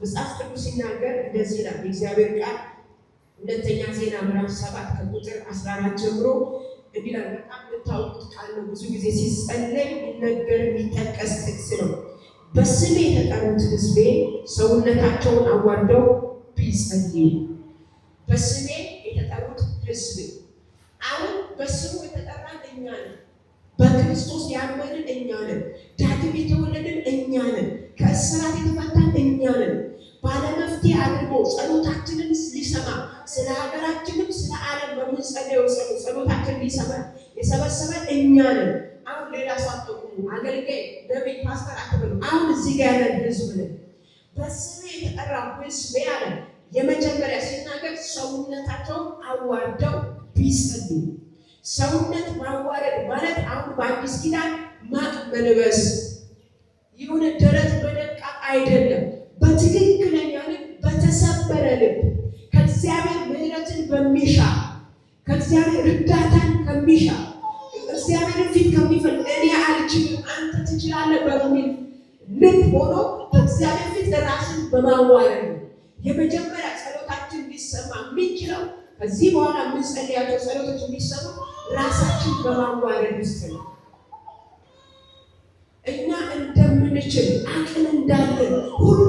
መጽሐፍ ቅዱስ ሲናገር እንደዚህ ይላል የእግዚአብሔር ቃል ሁለተኛ ዜና ምዕራፍ ሰባት ከቁጥር አስራ አራት ጀምሮ እንዲህ ይላል። በጣም የምታውቁት ቃል ነው። ብዙ ጊዜ ሲጸለይ ሊነገር የሚጠቀስ ጥቅስ ነው። በስሜ የተጠሩት ሕዝቤ ሰውነታቸውን አዋርደው ቢጸልዩ በስሜ የተጠሩት ሕዝቤ አሁን በስሙ የተጠራን እኛ ነን። በክርስቶስ ያመንን እኛ ነን። ዳግም የተወለድን እኛ ነን። ጸሎታችንን ሊሰማ ስለ ሀገራችንም ስለ ዓለም በምንጸለየው ጸሎት ጸሎታችን ሊሰማ የሰበሰበን እኛ ነን። አሁን ሌላ ሳትሆኑ አገልጋይ፣ ነቢይ፣ ፓስተር አትበሉ። አሁን እዚህ ጋር ያለን ህዝብ ነን። በስሜ የተጠራ ህዝብ ያለ የመጀመሪያ ሲናገር ሰውነታቸውን አዋርደው ቢጸልዩ ሰውነት ማዋረድ ማለት አሁን በአዲስ ኪዳን ማቅ መልበስ እግዚአብሔር እርዳታን ከሚሻ እግዚአብሔርን ፊት ከሚፈልግ እኔ አልችልም አንተ ትችላለህ በሚል ልብ ሆኖ በእግዚአብሔር ፊት ራስን በማዋረድ ነው። የመጀመሪያ ጸሎታችን እንዲሰማ የምንችለው ከዚህ በኋላ የምንጸልያቸው ጸሎቶች እንዲሰሙ ራሳችን በማዋረድ ውስጥ ነው። እኛ እንደምንችል አቅም እንዳለን ሁሉ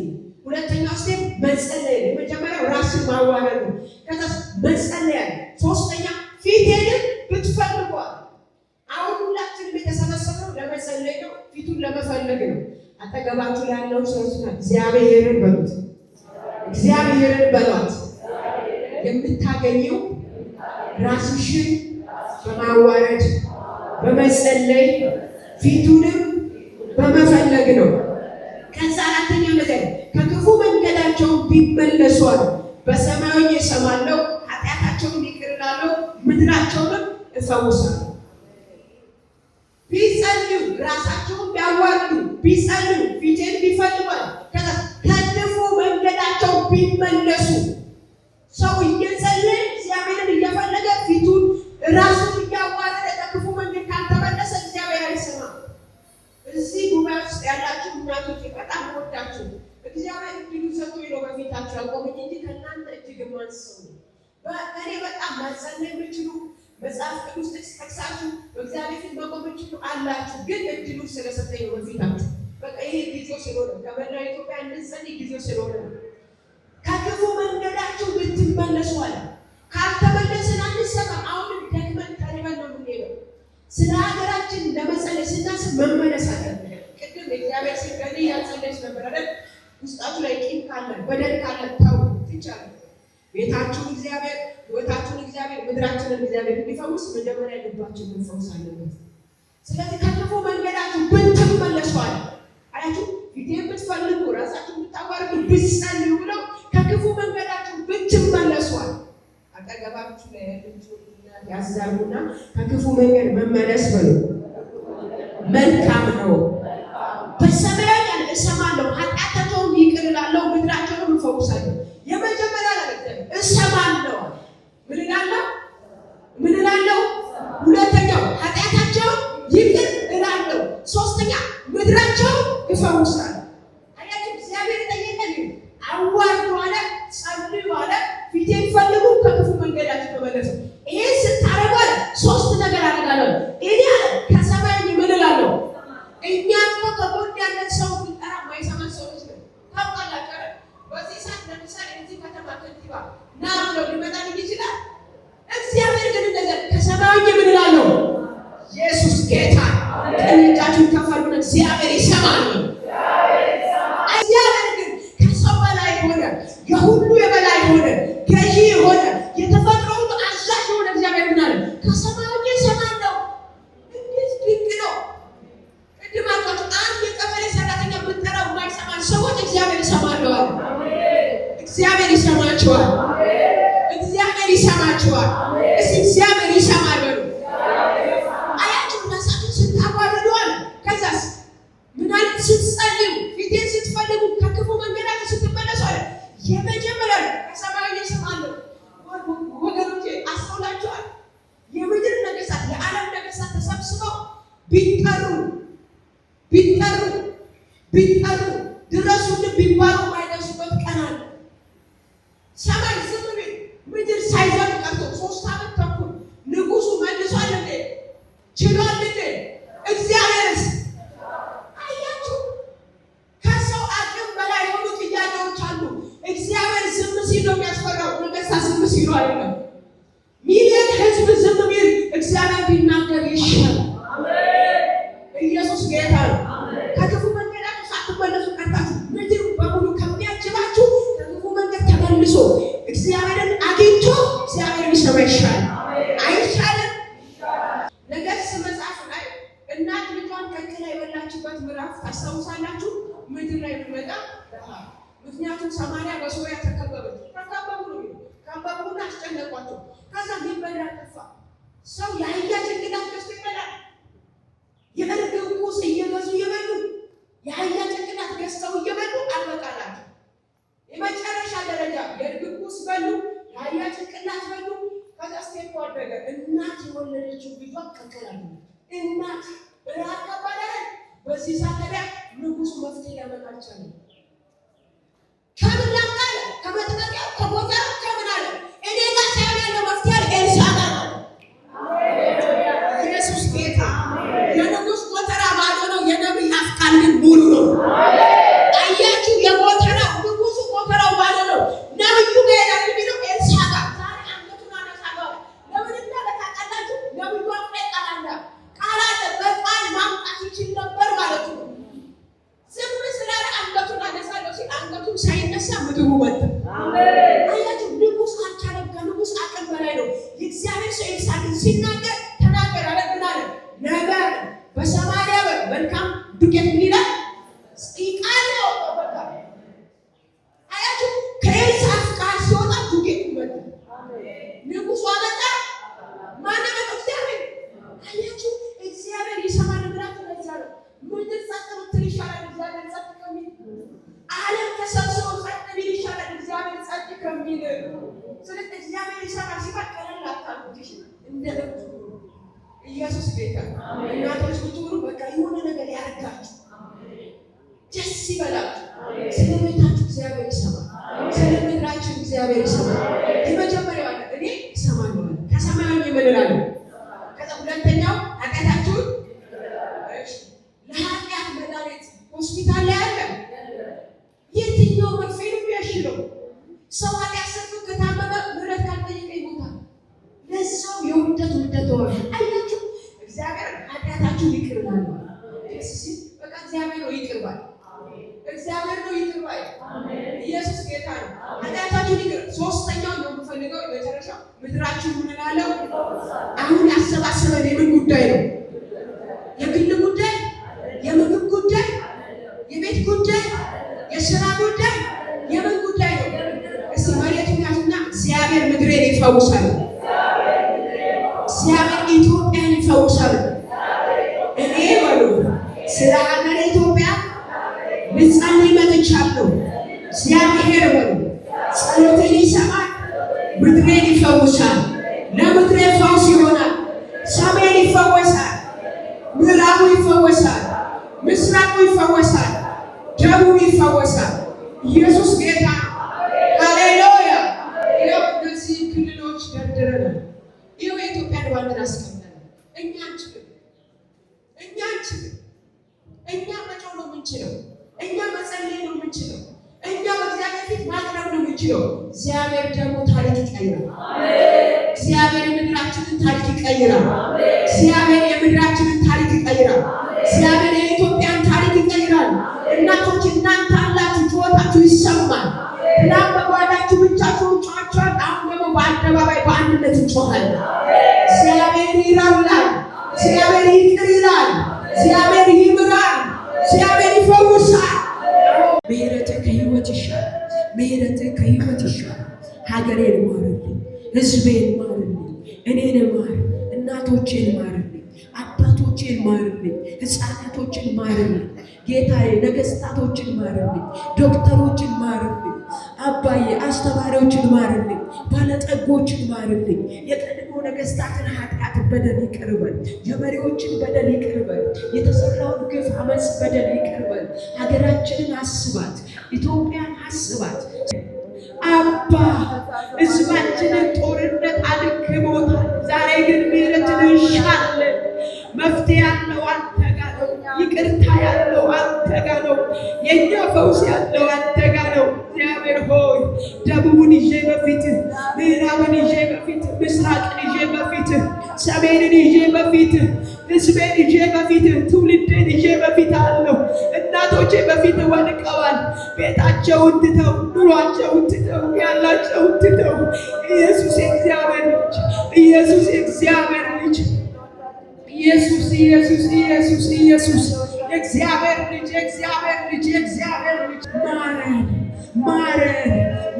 መጸለይ። ሁለተኛው ስቴፕ መጸለይ። የመጀመሪያው ራስን ማዋረድ ነው። ከዛ መጸለይ። ሶስተኛ ፊቴን ብትፈልጓል። አሁን ሁላችንም የተሰበሰብነው ለመጸለይ ነው፣ ፊቱን ለመፈለግ ነው። አጠገባችሁ ያለው ሰውና እግዚአብሔርን በሉት፣ እግዚአብሔርን በሏት። የምታገኘው ራስሽን በማዋረድ በመጸለይ ፊቱንም በመፈለግ ነው። ኃጢአታቸውን ቢመለሷል በሰማያዊ እሰማለሁ፣ ኃጢአታቸውን ይቅር እላለሁ፣ ምድራቸውንም እፈውሳለሁ። ቢጸልዩ ራሳቸውን ቢያዋርዱ ቢጸልዩ ፊቴን ቢፈልጓል ከድፉ መንገዳቸው ቢመለሱ ሰው እየጸለ እግዚአብሔርን እየፈለገ ፊቱን ራሱን እያዋረደ ከክፉ መንገድ ካልተመለሰ እግዚአብሔር አይሰማም። እዚህ ጉባኤ ውስጥ ያላችሁ እናቶች በጣም ወዳችሁ እግዚአብሔር እድሉ ሰጥቶ ነው በፊታችሁ ያቆመኝ እንጂ ከእናንተ እጅግ የማንሰው በእኔ በጣም ማጸለይ የምችሉ መጽሐፍ ቅዱስ ጠቅሳችሁ በእግዚአብሔር ፊት መቆም የምችሉ አላችሁ፣ ግን እድሉ ስለሰጠኝ ነው በፊታችሁ። በቃ ይሄ ጊዜው ስለሆነ ከመላው ኢትዮጵያ እንድንጸልይ ጊዜው ስለሆነ ከክፉ መንገዳችሁ ልትመለሱ አለ። ካልተመለስን አንሰማም። አሁንም ደግመን ተርበን ነው የምንሄደው። ስለ ሀገራችን ለመጸለይ መውደድ ካለ ትቻለ ቤታችሁን እግዚአብሔር ህይወታችሁን እግዚአብሔር ምድራችንን እግዚአብሔር እንዲፈውስ መጀመሪያ ልባችን መፈውስ አለበት። ስለዚህ ከክፉ መንገዳችሁ ብንትም መለሷል አያችሁ ጊዜ ብትፈልጉ ራሳችሁ ብታዋርዱ ብትጸልዩ ብለው ከክፉ መንገዳችሁ ብትም መለሷል አጠገባችሁ ላይ ያለችውን ያዛሉና ከክፉ መንገድ መመለስ በሉ መልካም ነው። pausa ቢጠሩ ድረሱልን ቢባሉ ማይደርሱበት ቀን አለ። ሰማይ ዝም ቢል ምድር ሳይዘን ቀርቶ ሶስት ዓመት ተኩል ንጉሱ መልሷል እንዴ? ችሏል እንዴ? እግዚአብሔርስ አያችሁ፣ ከሰው አቅም በላይ የሆኑ ጥያቄዎች አሉ። እግዚአብሔር ዝም ሲል ነው የሚያስፈራው። ነገስታ ዝም ሲሉ አይደለም። ሚሊዮን ህዝብ ዝም ቢል እግዚአብሔር ቢናገር ይሻላል። ኢየሱስ ጌታ ሰው ይሻል አይሻልም? ነገሥት መጽሐፍ ላይ እናት ልጇን ተክላ የበላችበት ምዕራፍ ታስታውሳላችሁ። ምድር ላይ ቢመጣ ምክንያቱም ሰማንያ በሶሪያ ተከበበች። ተከበቡ ከበቡና አስጨነቋቸው። ከዛ ሊበላ ጠፋ። ሰው የአህያ ጭንቅላት ገዝቶ ይበላል። የእርግብ ቁስ እየገዙ ይበሉ Amen. የተነሳ ምግቡ ወጣ። አያችሁ፣ ንጉስ አልቻለም። ከንጉስ አቅም በላይ ነው። የእግዚአብሔር ሰው ኤልሳዕን ሲናገር ስለዚህ እግዚአብሔር ይሰራ ሲባል ቀለል እንደ ኢየሱስ እናቶች ብትሆኑ በቃ የሆነ ነገር ያደርጋችሁ ደስ ይበላችሁ። ስለ ቤታችሁ እግዚአብሔር ይሰማል። ስለ ምድራችሁ እግዚአብሔር ይሰማል። የመጀመሪያው አለ እኔ ከዛ ሁለተኛው ለኃጢአት መድኃኒት ሆስፒታል ላይ አለ። የትኛው መርፌ ነው የሚያሽለው ሰው ጉዳይ ነው። የግል ጉዳይ፣ የምግብ ጉዳይ፣ የቤት ጉዳይ፣ የስራ ጉዳይ፣ የምን ጉዳይ ነው? እስቲ መሬቱን ያዙና እግዚአብሔር ምድሬን ይፈውሳል፣ እግዚአብሔር ኢትዮጵያን ይፈውሳል። እኔ በሉ ስለ ሀገር ኢትዮጵያ ልጸልይ መጥቻለሁ። እግዚአብሔር በሉ እግዚአብሔር የምድራችንን ታሪክ ይቀይራል። እግዚአብሔር የምድራችንን ታሪክ ይቀይራል። እግዚአብሔር የኢትዮጵያን ታሪክ ይቀይራል። እናቶች እናንተ አላችሁ፣ ጩኸታችሁ ይሰማል። ትናንት በጓዳችሁ ብቻችሁን ጮኻችኋል። አሁን ደግሞ በአደባባይ በአንድነት እንጮኻለን። እግዚአብሔር ይራራል። እግዚአብሔር ይቅር ይላል። እግዚአብሔር ህዝቤን ማርልኝ፣ እኔን ማር፣ እናቶቼን ማርልኝ፣ አባቶቼን ማርልኝ፣ ህፃናቶችን ማርልኝ፣ ጌታዬ ነገስታቶችን ማርልኝ፣ ዶክተሮችን ማርልኝ፣ አባዬ አስተማሪዎችን ማርልኝ፣ ባለጠጎችን ማርልኝ፣ የቀድሞ ነገስታትን ኃጢአት በደል ይቅርበል፣ የመሪዎችን በደል ይቅርበል፣ የተሰራውን ግፍ አመፅ በደል ይቅርበል። ሀገራችንን አስባት፣ ኢትዮጵያን አስባት። አባ ህዝባችንን ጦርነት አድክሞታል። ዛሬ ግን ምህረትን እንሻለን። መፍትሄ ያለው አንተ ጋ ነው። ይቅርታ ያለው አንተ ጋ ነው። የእኛ ፈውስ ያለው አንተ ጋ ነው። እግዚአብሔር ሆይ ደቡብን ይዤ በፊትህ፣ ምዕራብን ይዤ በፊትህ፣ ምስራቅን ይዤ በፊትህ፣ ሰሜንን ይዤ በፊት፣ ህዝቤን ይዤ በፊት፣ ትውልድን ይዤ በፊት አለው እናቶቼ በፊትህ ወድቀው ቤታቸውን ትተው ኑሯቸውን ትተው ያላቸውን ትተው ኢየሱስ የእግዚአብሔር ልጅ ኢየሱስ የእግዚአብሔር ልጅ ኢየሱስ ኢየሱስ ኢየሱስ ኢየሱስ የእግዚአብሔር ልጅ የእግዚአብሔር ልጅ የእግዚአብሔር ልጅ ማረን ማረን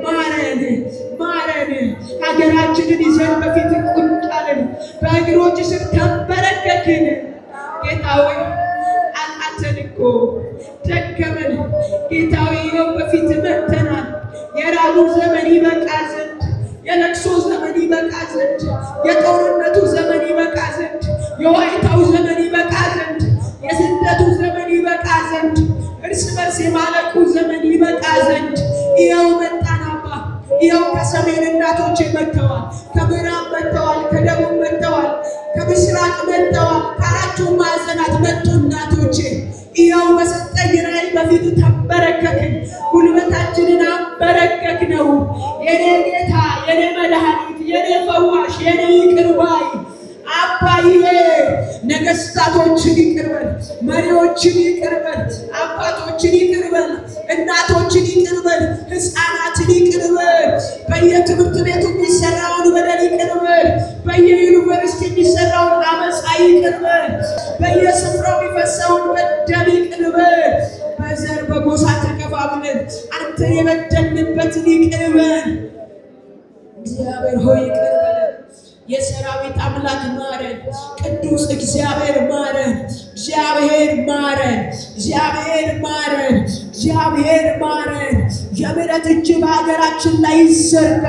ማረን ማረን ሀገራችንን ይዘን በፊት ቁንጫልን በእግሮች ስር ተንበረከክን ጌታ ሆይ አቃተን እኮ ደከመን። ጌታዊ ይኸው በፊት መተናል። የራቡ ዘመን ይበቃ ዘንድ፣ የለቅሶ ዘመን ይበቃ ዘንድ፣ የጦርነቱ ዘመን ይበቃ ዘንድ፣ የዋይታው ዘመን ይበቃ ዘንድ፣ የስደቱ ዘመን ይበቃ ዘንድ፣ እርስ በርስ የማለቁ ዘመን ይበቃ ዘንድ ይኸው መጣናባ አባ። ይኸው ከሰሜን እናቶች መጥተዋል፣ ከምዕራብ መጥተዋል። ፊቱ ተበረከክን፣ ጉልበታችንን አበረከክ ነው። የኔ ጌታ፣ የኔ መድኃኒት፣ የኔ ፈዋሽ፣ የኔ ይቅር ባይ አባዬ ነገስታቶችን ይቅርበል፣ መሪዎችን ይቅርበል፣ አባቶችን ይቅርበል፣ እናቶችን ይቅርበል፣ ህፃናትን ይቅርበል፣ በየትምህርት ቤቱ የሚሰራውን በደል ይቅርበል፣ በየዩኒቨርሲቲ የሚሰራውን አመፃ ይቅርበል። በየስፍራው የሚፈሰውን በደም ይቅርብ በዘር በጎሳ ተከፋፍለን አንተ የበደልንበትን ይቅርበን። እግዚአብሔር ሆይ ይቅርበን። የሰራዊት አምላክ ማረን። ቅዱስ እግዚአብሔር ማረን። እግዚአብሔር ማረን። እግዚአብሔር ማረን። እግዚአብሔር ማረን። የምሕረት እጅ በሀገራችን ላይ ይዘርጋ።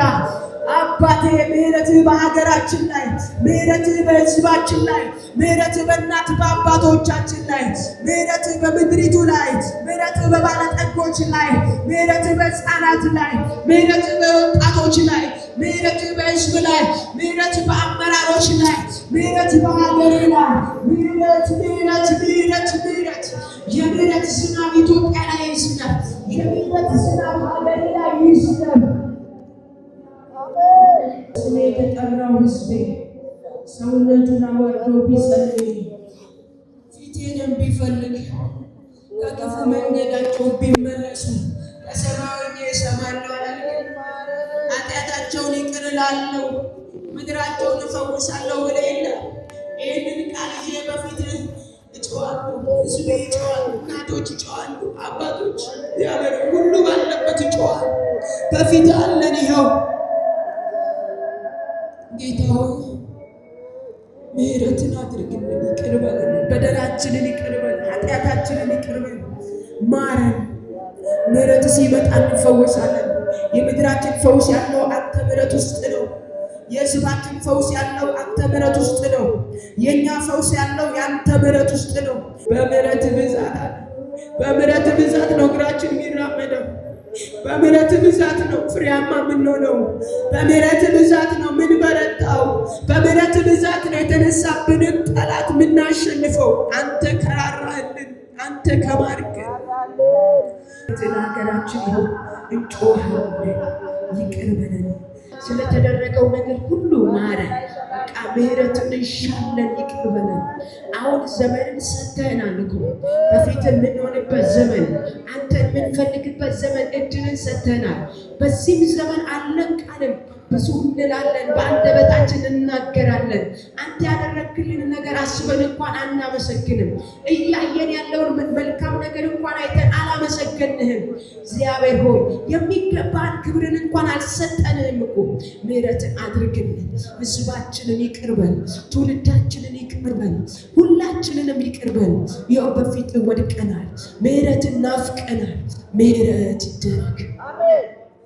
አባቴ ምሕረትህ በሀገራችን ላይ ምሕረትህ በሕዝባችን ላይ ምሕረትህ በእናት በአባቶቻችን ላይ ምሕረትህ በምድሪቱ ላይ ምሕረትህ በባለጠጎች ላይ ምሕረትህ በሕፃናት ላይ ምሕረትህ በወጣቶች ላይ ምሕረትህ በሕዝብ ላይ ምሕረትህ በአመራሮች ላይ ምሕረትህ በሀገሬ ላይ ምሕረት ምሕረት ምሕረት ምሕረት የምሕረት ዝናብ ኢትዮጵያ ላይ ይዝናብ። የምሕረት ዝናብ ሀገሬ ላይ ይዝናብ። ስሜ የተጠራው ሕዝቤ ሰውነቱን አዋርዶ ቢጸልይ ፊቴንም ቢፈልግ ከክፉ መንገዳቸው ቢመለሱ ከሰማይ እሰማለሁ አላልክም? ኃጢአታቸውን ይቅር እላለሁ፣ ምድራቸውን እፈውሳለሁ ብለህ የለ? ይህንን ቃል ይዤ በፊት ይጮዋሉ፣ ሕዝቤ ይጮዋሉ፣ እናቶች ይጮዋሉ፣ አባቶች ያበ ሁሉ ባለበት ይጮዋል። በፊት አለን ይኸው ጌታ ሆይ ምሕረትን አድርግልን፣ ይቅር በለን፣ በደላችንን ይቅር በለን፣ ኃጢአታችንን ይቅር በለን፣ ማረን። ምሕረት ሲመጣ እንፈወሳለን። የምድራችን ፈውስ ያለው አንተ ምሕረት ውስጥ ነው። የሕዝባችን ፈውስ ያለው አንተ ምሕረት ውስጥ ነው። የእኛ ፈውስ ያለው የአንተ ምሕረት ውስጥ ነው። በምሕረት ብዛት በምሕረት ብዛት ነው እግራችን የሚራመደው። በምሕረት ብዛት ነው ፍሬያማ የምንሆነው። በምሕረት ብዛት ነው የምንበረታው። በምሕረት ብዛት ነው የተነሳብንን ጠላት የምናሸንፈው። አንተ ከራራህልን፣ አንተ ከማርክን ሀገራችን ሆ እንጮሃለን፣ ይቅር በለን። ስለተደረገው ነገር ሁሉ ማረን። ምሕረትን እንሻለን ይቅር በለን። አሁን ዘመንን ሰጥተህናል እኮ በፊት የምንሆንበት ዘመን አንተ የምንፈልግበት ዘመን እድልን ሰጥተህናል። በዚህም ዘመን አለን ቃልም ብዙ እንላለን፣ በአንደበታችን እናገራለን። አንተ ያደረግልን ነገር አስበን እንኳን አናመሰግንም። እያየን ያለውን መልካም ነገር እንኳን አይተ አላመሰገንህም። እግዚአብሔር ሆይ የሚገባን ክብርን እንኳን አልሰጠንህም እኮ። ምሕረትን አድርግልን፣ ህዝባችንን ይቅርበን፣ ትውልዳችንን ይቅርበን፣ ሁላችንንም ይቅርበን። ይኸው በፊት ወድቀናል፣ ምሕረትን ናፍቀናል። ምሕረት ይደረግ።